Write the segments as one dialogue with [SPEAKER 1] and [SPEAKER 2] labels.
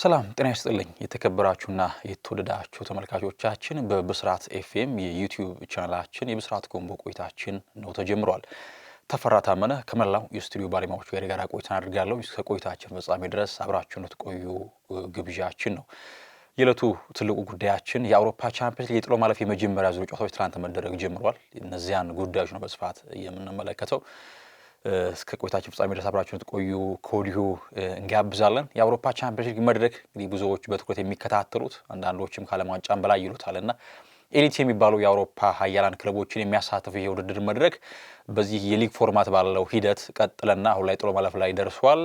[SPEAKER 1] ሰላም ጤና ይስጥልኝ። የተከበራችሁና የተወደዳችሁ ተመልካቾቻችን በብስራት ኤፍኤም የዩቲዩብ ቻናላችን የብስራት ጎንቦ ቆይታችን ነው ተጀምሯል። ተፈራ ታመነ ከመላው የስቱዲዮ ባለሙያዎች ጋር የጋራ ቆይታ አድርጋለሁ። እስከ ቆይታችን ፍጻሜ ድረስ አብራችሁን ልትቆዩ ግብዣችን ነው። የዕለቱ ትልቁ ጉዳያችን የአውሮፓ ቻምፒየንስ ሊግ የጥሎ ማለፍ የመጀመሪያ ዙር ጨዋታዎች ትናንት መደረግ ጀምሯል። እነዚያን ጉዳዮች ነው በስፋት የምንመለከተው። እስከ ቆይታችን ፍጻሜ ድረስ አብራችሁን ትቆዩ ከወዲሁ እንጋብዛለን። የአውሮፓ ቻምፒዮንስ ሊግ መድረክ እንግዲህ ብዙዎች በትኩረት የሚከታተሉት አንዳንዶችም ከዓለም ዋንጫም በላይ ይሉታልና ኤሊት የሚባሉ የአውሮፓ ሀያላን ክለቦችን የሚያሳትፉ ይህ ውድድር መድረክ በዚህ የሊግ ፎርማት ባለው ሂደት ቀጥለና አሁን ላይ ጥሎ ማለፍ ላይ ደርሷል።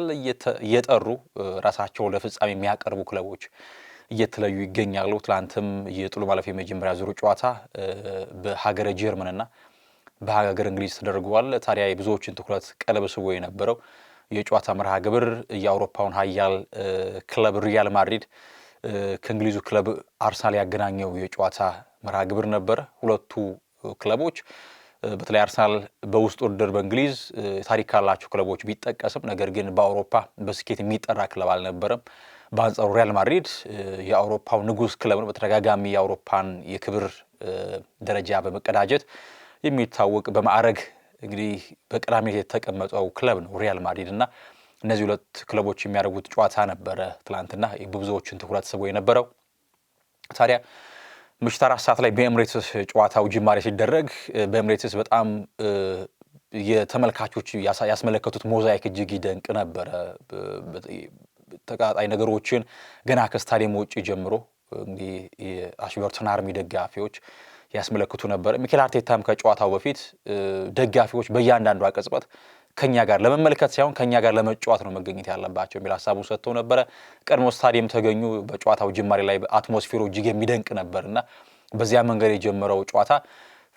[SPEAKER 1] እየጠሩ ራሳቸውን ለፍጻሜ የሚያቀርቡ ክለቦች እየተለዩ ይገኛሉ። ትላንትም የጥሎ ማለፍ የመጀመሪያ ዙሩ ጨዋታ በሀገረ ጀርመንና በሀገር እንግሊዝ ተደርጓል። ታዲያ የብዙዎችን ትኩረት ቀለብ ስቦ የነበረው የጨዋታ መርሃ ግብር የአውሮፓውን ሀያል ክለብ ሪያል ማድሪድ ከእንግሊዙ ክለብ አርሰናል ያገናኘው የጨዋታ መርሃ ግብር ነበረ ሁለቱ ክለቦች በተለይ አርሰናል በውስጥ ውድድር በእንግሊዝ ታሪክ ካላቸው ክለቦች ቢጠቀስም ነገር ግን በአውሮፓ በስኬት የሚጠራ ክለብ አልነበረም። በአንጻሩ ሪያል ማድሪድ የአውሮፓው ንጉሥ ክለብ ነው። በተደጋጋሚ የአውሮፓን የክብር ደረጃ በመቀዳጀት የሚታወቅ በማዕረግ እንግዲህ በቀዳሚነት የተቀመጠው ክለብ ነው ሪያል ማድሪድ እና እነዚህ ሁለት ክለቦች የሚያደርጉት ጨዋታ ነበረ ትላንትና ብዙዎችን ትኩረት ስቦ የነበረው። ታዲያ ምሽት አራት ሰዓት ላይ በኤምሬትስ ጨዋታው ጅማሬ ሲደረግ በኤምሬትስ በጣም የተመልካቾች ያስመለከቱት ሞዛይክ እጅግ ይደንቅ ነበረ። ተቀጣጣይ ነገሮችን ገና ከስታዲየም ውጭ ጀምሮ እንግዲህ የአሽበርተን አርሚ ደጋፊዎች ያስመለክቱ ነበር። ሚኬል አርቴታም ከጨዋታው በፊት ደጋፊዎች በእያንዳንዷ ቅጽበት ከኛ ጋር ለመመልከት ሳይሆን ከኛ ጋር ለመጫወት ነው መገኘት ያለባቸው የሚል ሀሳቡን ሰጥተው ነበረ። ቀድሞ ስታዲየም ተገኙ። በጨዋታው ጅማሬ ላይ አትሞስፌሩ እጅግ የሚደንቅ ነበር እና በዚያ መንገድ የጀመረው ጨዋታ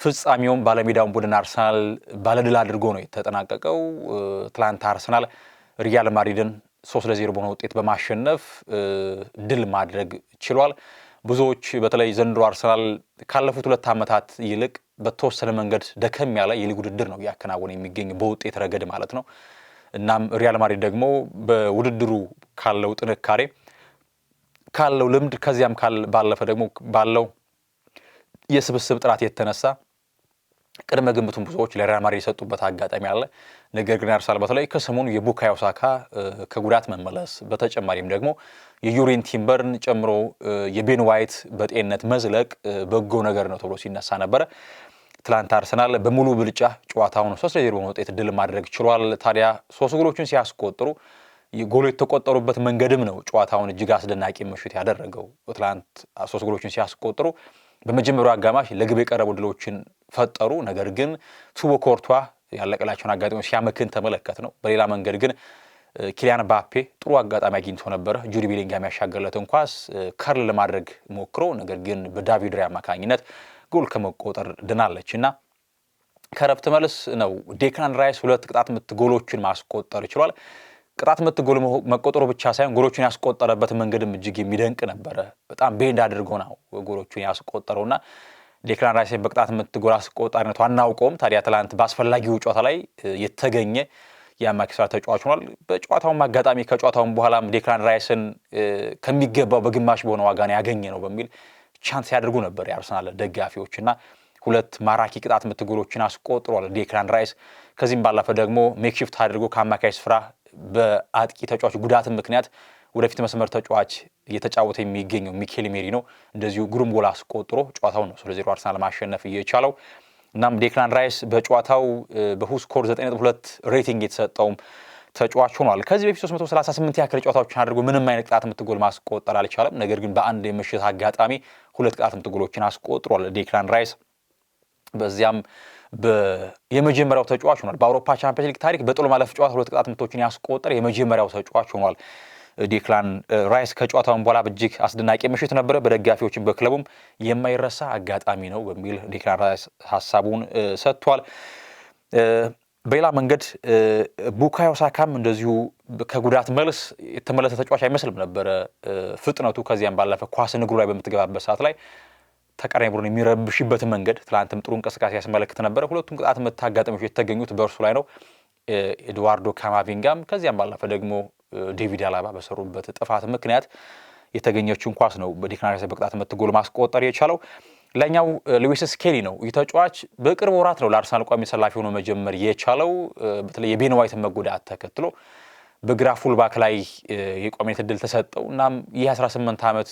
[SPEAKER 1] ፍጻሜውም ባለሜዳውን ቡድን አርሰናል ባለድል አድርጎ ነው የተጠናቀቀው። ትላንት አርሰናል ሪያል ማድሪድን ሶስት ለዜሮ በሆነ ውጤት በማሸነፍ ድል ማድረግ ችሏል። ብዙዎች በተለይ ዘንድሮ አርሰናል ካለፉት ሁለት ዓመታት ይልቅ በተወሰነ መንገድ ደከም ያለ የሊግ ውድድር ነው እያከናወነ የሚገኝ በውጤት ረገድ ማለት ነው። እናም ሪያል ማድሪድ ደግሞ በውድድሩ ካለው ጥንካሬ ካለው ልምድ ከዚያም ባለፈ ደግሞ ባለው የስብስብ ጥራት የተነሳ ቅድመ ግምቱን ብዙዎች ለሪያል ማድሪድ የሰጡበት አጋጣሚ አለ። ነገር ግን አርሰናል በተለይ ከሰሞኑ የቡካዮ ሳካ ከጉዳት መመለስ በተጨማሪም ደግሞ የዩሪን ቲምበርን ጨምሮ የቤን ዋይት በጤንነት መዝለቅ በጎ ነገር ነው ተብሎ ሲነሳ ነበረ። ትላንት አርሰናል በሙሉ ብልጫ ጨዋታውን ሶስት ለዜሮ በሆነ ውጤት ድል ማድረግ ችሏል። ታዲያ ሶስት ጎሎችን ሲያስቆጥሩ ጎሎ የተቆጠሩበት መንገድም ነው ጨዋታውን እጅግ አስደናቂ ምሽት ያደረገው። ትላንት ሶስት ጎሎችን ሲያስቆጥሩ በመጀመሪያው አጋማሽ ለግብ የቀረቡ ድሎችን ፈጠሩ። ነገር ግን ቱቦ ኮርቷ ያለቀላቸውን አጋጣሚ ሲያመክን ተመለከት ነው። በሌላ መንገድ ግን ኪሊያን ባፔ ጥሩ አጋጣሚ አግኝቶ ነበረ። ጁድ ቤሊንጋም ያሻገርለትን ኳስ ከርል ለማድረግ ሞክሮ፣ ነገር ግን በዳቪድ ራያ አማካኝነት ጎል ከመቆጠር ድናለች እና ከረፍት መልስ ነው ዴክላን ራይስ ሁለት ቅጣት ምት ጎሎችን ማስቆጠር ይችሏል። ቅጣት ምት ጎል መቆጠሩ ብቻ ሳይሆን ጎሎቹን ያስቆጠረበት መንገድም እጅግ የሚደንቅ ነበረ። በጣም ቤንድ አድርጎ ነው ጎሎቹን ያስቆጠረውና ዴክላን ራይስ በቅጣት ምት ጎል አስቆጣሪነቱ አናውቀውም። ታዲያ ትላንት በአስፈላጊው ጨዋታ ላይ የተገኘ የአማካይ ስፍራ ተጫዋች ሆኗል። በጨዋታውም አጋጣሚ ከጨዋታውም በኋላም ዴክላን ራይስን ከሚገባው በግማሽ በሆነ ዋጋ ያገኘ ነው በሚል ቻንት ሲያደርጉ ነበር የአርሰናል እና ሁለት ማራኪ ቅጣት ምት ጎሎችን አስቆጥሯል ዴክላን ራይስ። ከዚህም ባለፈ ደግሞ ሜክሽፍት አድርጎ ከአማካይ ስፍራ በአጥቂ ተጫዋች ጉዳት ምክንያት ወደፊት መስመር ተጫዋች እየተጫወተ የሚገኘው ሚኬል ሜሪ ነው። እንደዚሁ ግሩም ጎል አስቆጥሮ ጨዋታውን ነው ስለዜሮ አርሰናል ማሸነፍ እየቻለው። እናም ዴክላን ራይስ በጨዋታው በሁስኮር 9.2 ሬቲንግ የተሰጠውም ተጫዋች ሆኗል። ከዚህ በፊት 338 ያክል ጨዋታዎችን አድርጎ ምንም አይነት ቅጣት ምት ጎል ማስቆጠር አልቻለም። ነገር ግን በአንድ የምሽት አጋጣሚ ሁለት ቅጣት ምት ጎሎችን አስቆጥሯል ዴክላን ራይስ በዚያም የመጀመሪያው ተጫዋች ሆኗል። በአውሮፓ ቻምፒዮንስ ሊግ ታሪክ በጥሎ ማለፍ ጨዋታ ሁለት ቅጣት ምቶችን ያስቆጠር የመጀመሪያው ተጫዋች ሆኗል። ዴክላን ራይስ ከጨዋታውን በኋላ በእጅግ አስደናቂ ምሽት ነበረ፣ በደጋፊዎችም በክለቡም የማይረሳ አጋጣሚ ነው በሚል ዴክላን ራይስ ሀሳቡን ሰጥቷል። በሌላ መንገድ ቡካዮ ሳካም እንደዚሁ ከጉዳት መልስ የተመለሰ ተጫዋች አይመስልም ነበረ ፍጥነቱ ከዚያም ባለፈ ኳስ እግሩ ላይ በምትገባበት ሰዓት ላይ ተቃራኒ ቡድን የሚረብሽበትን መንገድ ትላንትም ጥሩ እንቅስቃሴ ያስመለክት ነበረ። ሁለቱም ቅጣት ምት አጋጣሚዎች የተገኙት በእርሱ ላይ ነው። ኤድዋርዶ ካማቪንጋም ከዚያም ባለፈ ደግሞ ዴቪድ አላባ በሰሩበት ጥፋት ምክንያት የተገኘችውን ኳስ ነው በዲክናሪያ በቅጣት ምት ጎል ማስቆጠር የቻለው። ሌላኛው ሉዊስ ስኬሊ ነው። ይህ ተጫዋች በቅርብ ወራት ነው ለአርሰናል ቋሚ ሰላፊ ሆኖ መጀመር የቻለው። በተለይ የቤን ዋይትን መጎዳት ተከትሎ በግራ ፉልባክ ላይ የቋሚነት እድል ተሰጠው። እናም ይህ 18 ዓመት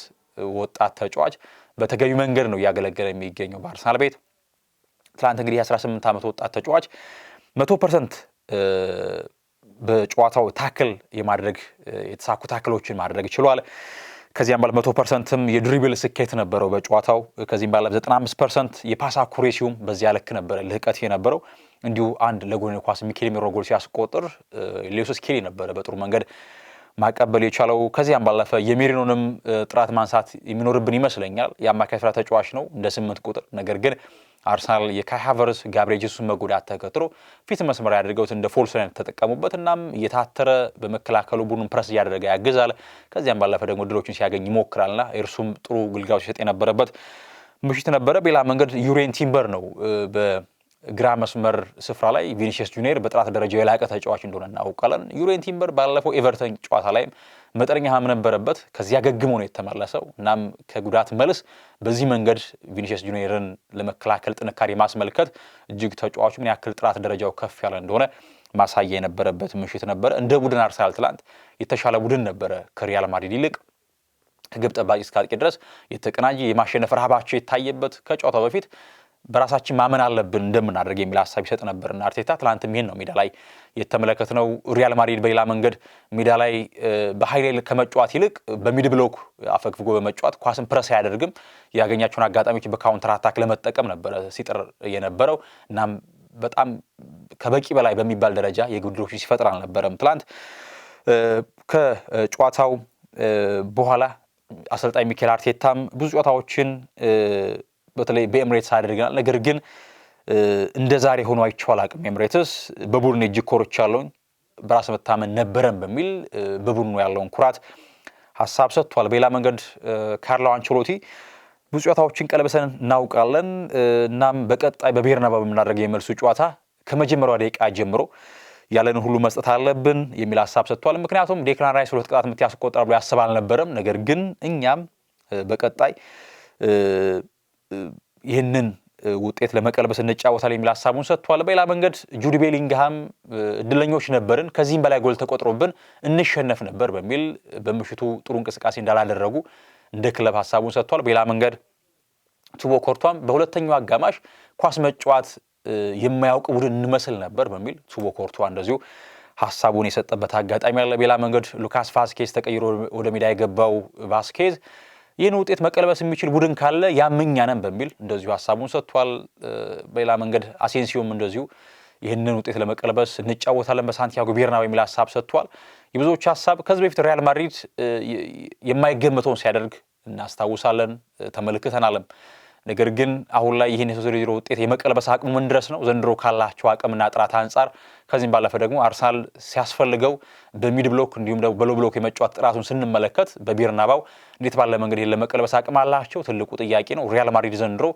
[SPEAKER 1] ወጣት ተጫዋች በተገቢ መንገድ ነው እያገለገለ የሚገኘው በአርሰናል ቤት። ትላንት እንግዲህ የ18 ዓመት ወጣት ተጫዋች መቶ ፐርሰንት በጨዋታው ታክል የማድረግ የተሳኩ ታክሎችን ማድረግ ችሏል። ከዚያም ባለ መቶ ፐርሰንትም የድሪብል ስኬት ነበረው በጨዋታው። ከዚህም ባለ 95 ፐርሰንት የፓስ አኩሬሲውም በዚያ ልክ ነበረ ልህቀት የነበረው እንዲሁ አንድ ለጎን ኳስ ሚኬል ሜሮን ጎል ሲያስቆጥር ሌዊስ ስኬሊ ነበረ በጥሩ መንገድ ማቀበል የቻለው ከዚያም ባለፈ የሜሪኖንም ጥራት ማንሳት የሚኖርብን ይመስለኛል። የአማካይ ስፍራ ተጫዋች ነው እንደ ስምንት ቁጥር ነገር ግን አርሰናል የካይ ሃቨርስ ጋብርኤል ጄሱስን መጎዳት ተከትሎ ፊት መስመር ያደርገውት እንደ ፎልስ ላይን ተጠቀሙበት። እናም እየታተረ በመከላከሉ ቡድኑን ፕረስ እያደረገ ያግዛል። ከዚያም ባለፈ ደግሞ ድሎችን ሲያገኝ ይሞክራልና እርሱም ጥሩ ግልጋሎት ሲሰጥ የነበረበት ምሽት ነበረ። ሌላ መንገድ ዩሬን ቲምበር ነው ግራ መስመር ስፍራ ላይ ቪኒሽስ ጁኒየር በጥራት ደረጃ የላቀ ተጫዋች እንደሆነ እናውቃለን። ዩሬን ቲምበር ባለፈው ኤቨርተን ጨዋታ ላይም መጠነኛ ህመም ነበረበት፣ ከዚያ ገግሞ ነው የተመለሰው። እናም ከጉዳት መልስ በዚህ መንገድ ቪኒሽስ ጁኒየርን ለመከላከል ጥንካሬ ማስመልከት እጅግ ተጫዋቹ ምን ያክል ጥራት ደረጃው ከፍ ያለ እንደሆነ ማሳያ የነበረበት ምሽት ነበረ። እንደ ቡድን አርሰናል ትላንት የተሻለ ቡድን ነበረ ከሪያል ማድሪድ ይልቅ ግብ ጠባቂ እስካጥቂ ድረስ የተቀናጀ የማሸነፍ ረሃባቸው የታየበት ከጨዋታው በፊት በራሳችን ማመን አለብን እንደምናደርግ የሚል ሀሳብ ይሰጥ ነበርና አርቴታ ትላንት ይህን ነው ሜዳ ላይ የተመለከትነው። ሪያል ማድሪድ በሌላ መንገድ ሜዳ ላይ በሀይሌል ከመጫወት ይልቅ በሚድ ብሎክ አፈግፍጎ በመጫወት ኳስን ፕረስ አያደርግም። ያገኛቸውን አጋጣሚዎች በካውንተር አታክ ለመጠቀም ነበረ ሲጥር የነበረው እናም በጣም ከበቂ በላይ በሚባል ደረጃ የግድሮች ሲፈጥር አልነበረም። ትላንት ከጨዋታው በኋላ አሰልጣኝ ሚኬል አርቴታም ብዙ ጨዋታዎችን በተለይ በኤምሬትስ አድርገናል። ነገር ግን እንደ ዛሬ ሆኖ አይቼው አላቅም። ኤምሬትስ በቡድን እጅግ ኮርቻ ያለውኝ በራስ መታመን ነበረን በሚል በቡድኑ ያለውን ኩራት ሀሳብ ሰጥቷል። በሌላ መንገድ ካርሎ አንቸሎቲ ብዙ ጨዋታዎችን ቀለበሰን እናውቃለን። እናም በቀጣይ በቤርናባ በምናደርገው የመልሱ ጨዋታ ከመጀመሪያ ደቂቃ ጀምሮ ያለን ሁሉ መስጠት አለብን የሚል ሀሳብ ሰጥቷል። ምክንያቱም ዴክላን ራይስ ሁለት ቅጣት ምት ያስቆጥራል ብሎ ያስብ አልነበረም። ነገር ግን እኛም በቀጣይ ይህንን ውጤት ለመቀልበስ እንጫወታል የሚል ሀሳቡን ሰጥቷል። በሌላ መንገድ ጁድ ቤሊንግሃም እድለኞች ነበርን፣ ከዚህም በላይ ጎል ተቆጥሮብን እንሸነፍ ነበር በሚል በምሽቱ ጥሩ እንቅስቃሴ እንዳላደረጉ እንደ ክለብ ሀሳቡን ሰጥቷል። በሌላ መንገድ ቱቦ ኮርቷም በሁለተኛው አጋማሽ ኳስ መጫወት የማያውቅ ቡድን እንመስል ነበር በሚል ቱቦ ኮርቷ እንደዚሁ ሀሳቡን የሰጠበት አጋጣሚ አለ። በሌላ መንገድ ሉካስ ቫስኬዝ ተቀይሮ ወደ ሜዳ የገባው ቫስኬዝ ይህን ውጤት መቀልበስ የሚችል ቡድን ካለ ያምኛነን በሚል እንደዚሁ ሀሳቡን ሰጥቷል። በሌላ መንገድ አሴንሲዮም እንደዚሁ ይህንን ውጤት ለመቀልበስ እንጫወታለን በሳንቲያጎ ቤርናው የሚል ሀሳብ ሰጥቷል። የብዙዎች ሀሳብ ከዚህ በፊት ሪያል ማድሪድ የማይገመተውን ሲያደርግ እናስታውሳለን፣ ተመልክተናልም። ነገር ግን አሁን ላይ ይህን የሶስት ለዜሮ ውጤት የመቀልበስ አቅሙ ምን ድረስ ነው ዘንድሮ ካላቸው አቅምና ጥራት አንጻር ከዚህም ባለፈ ደግሞ አርሰናል ሲያስፈልገው በሚድ ብሎክ እንዲሁም ደግሞ በሎ ብሎክ የመጫወት ጥራቱን ስንመለከት በቢርናባው እንዴት ባለ መንገድ ይህን ለመቀልበስ አቅም አላቸው ትልቁ ጥያቄ ነው። ሪያል ማድሪድ ዘንድሮ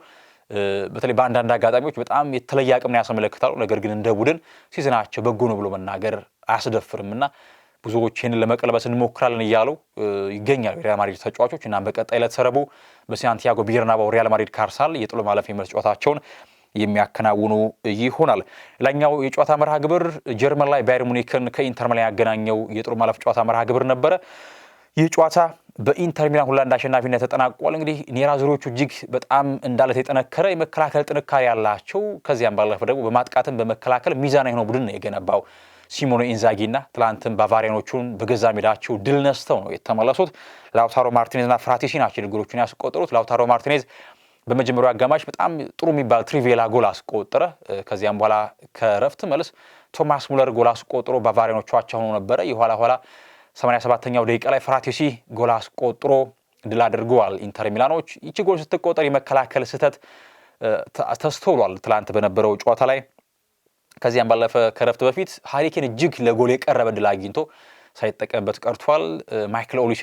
[SPEAKER 1] በተለይ በአንዳንድ አጋጣሚዎች በጣም የተለየ አቅም ያስመለክታሉ። ነገር ግን እንደ ቡድን ሲዝናቸው በጎ ነው ብሎ መናገር አያስደፍርም እና ብዙዎች ይህንን ለመቀልበስ እንሞክራለን እያሉ ይገኛሉ የሪያል ማድሪድ ተጫዋቾች። እናም በቀጣይ ዕለት ረቡዕ በሳንቲያጎ ሪያል ማድሪድ ካርሳል የጥሎ ማለፍ የመልስ ጨዋታቸውን የሚያከናውኑ ይሆናል። ላኛው የጨዋታ መርሃ ግብር ጀርመን ላይ ባየር ሙኒክን ከኢንተር ሚላን ያገናኘው የጥሎ ማለፍ ጨዋታ መርሃ ግብር ነበረ። ይህ ጨዋታ በኢንተር ሚላን ሁላንድ አሸናፊነት ተጠናቋል። እንግዲህ ኔራ ዙሪዎቹ እጅግ በጣም እንዳለት የጠነከረ የመከላከል ጥንካሬ ያላቸው ከዚያም ባለፈ ደግሞ በማጥቃትም በመከላከል ሚዛናዊ የሆነው ቡድን ነው የገነባው ሲሞኔ ኢንዛጊና ትላንትን ባቫሪያኖቹን በገዛ ሜዳቸው ድል ነስተው ነው የተመለሱት። ላውታሮ ማርቲኔዝና ፍራቲሲ ናቸው ንግሮቹን ያስቆጠሩት። ላውታሮ ማርቲኔዝ በመጀመሪያው አጋማሽ በጣም ጥሩ የሚባል ትሪቬላ ጎል አስቆጠረ። ከዚያም በኋላ ከረፍት መልስ ቶማስ ሙለር ጎል አስቆጥሮ ባቫሪያኖቹ አቻ ሆኖ ነበረ። የኋላ ኋላ 87ኛው ደቂቃ ላይ ፍራቴሲ ጎል አስቆጥሮ ድል አድርገዋል ኢንተር ሚላኖች። ይቺ ጎል ስትቆጠር የመከላከል ስህተት ተስተውሏል ትላንት በነበረው ጨዋታ ላይ ከዚያም ባለፈ ከረፍት በፊት ሀሪኬን እጅግ ለጎል የቀረበ ድል አግኝቶ ሳይጠቀምበት ቀርቷል። ማይክል ኦሊሼ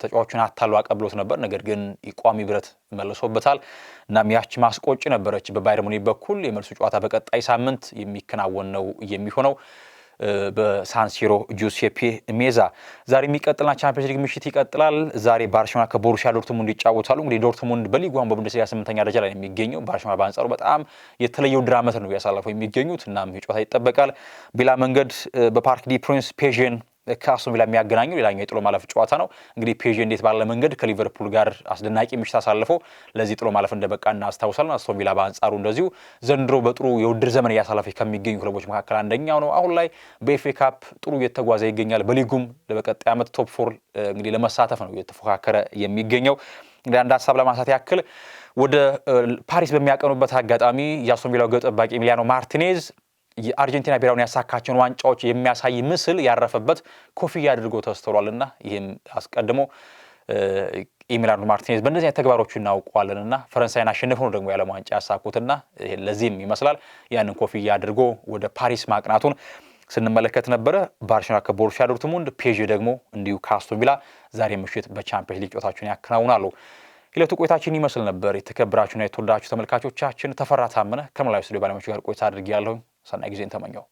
[SPEAKER 1] ተጫዋቹን አታሎ አቀብሎት ነበር፣ ነገር ግን የቋሚ ብረት መልሶበታል። እናም ያች ማስቆጭ ነበረች በባየር ሙኒክ በኩል። የመልሱ ጨዋታ በቀጣይ ሳምንት የሚከናወን ነው የሚሆነው። በሳንሲሮ ጁሴፔ ሜዛ። ዛሬ የሚቀጥልና ቻምፒየንስ ሊግ ምሽት ይቀጥላል። ዛሬ ባርሴሎና ከቦሩሲያ ዶርትሙንድ ይጫወታሉ። እንግዲህ ዶርትሙንድ በሊጉ አሁን በቡንደስሊጋ ስምንተኛ ደረጃ ላይ የሚገኘው። ባርሴሎና በአንጻሩ በጣም የተለየው ድራመት ነው ያሳለፈው የሚገኙት። እናም ጨዋታ ይጠበቃል። ሌላ መንገድ በፓርክ ዲ ፕሪንስ ፔዥን ከአስቶን ቪላ የሚያገናኘው ሌላኛው የጥሎ ማለፍ ጨዋታ ነው። እንግዲህ ፔዥ እንዴት ባለ መንገድ ከሊቨርፑል ጋር አስደናቂ ምሽት አሳልፎ ለዚህ ጥሎ ማለፍ እንደበቃ እናስታውሳለን። አስቶን ቪላ በአንጻሩ እንደዚሁ ዘንድሮ በጥሩ የውድድር ዘመን እያሳለፈ ከሚገኙ ክለቦች መካከል አንደኛው ነው። አሁን ላይ በኤፍ ካፕ ጥሩ እየተጓዘ ይገኛል። በሊጉም ለበቀጣይ ዓመት ቶፕ ፎር እንግዲህ ለመሳተፍ ነው እየተፎካከረ የሚገኘው። እንግዲህ አንድ ሀሳብ ለማንሳት ያክል ወደ ፓሪስ በሚያቀኑበት አጋጣሚ የአስቶን ቪላው ግብ ጠባቂ ኤሚሊያኖ ማርቲኔዝ የአርጀንቲና ብሔራውን ያሳካቸውን ዋንጫዎች የሚያሳይ ምስል ያረፈበት ኮፍያ አድርጎ ተስተውሏልና ይህም አስቀድሞ ኢሚላኖ ማርቲኔዝ በእነዚህ አይነት ተግባሮቹ እናውቀዋለንና ፈረንሳይን አሸንፈው ነው ደግሞ የዓለም ዋንጫ ያሳኩትና ለዚህም ይመስላል ያንን ኮፍያ አድርጎ ወደ ፓሪስ ማቅናቱን ስንመለከት ነበረ። ባርሴሎና ከቦሩሲያ ዶርትሙንድ፣ ፔዥ ደግሞ እንዲሁ ከአስቶን ቪላ ዛሬ ምሽት በቻምፒየንስ ሊግ ጨዋታቸውን ያከናውናሉ። የዕለቱ ቆይታችን ይመስል ነበር። የተከበራችሁና የተወዳችሁ ተመልካቾቻችን ተፈራ ታመነ ከመላዊ ስቱዲዮ ባለሙያዎች ጋር ቆይታ አድርጌ ያለሁኝ ሰናይ ጊዜን ተመኘው።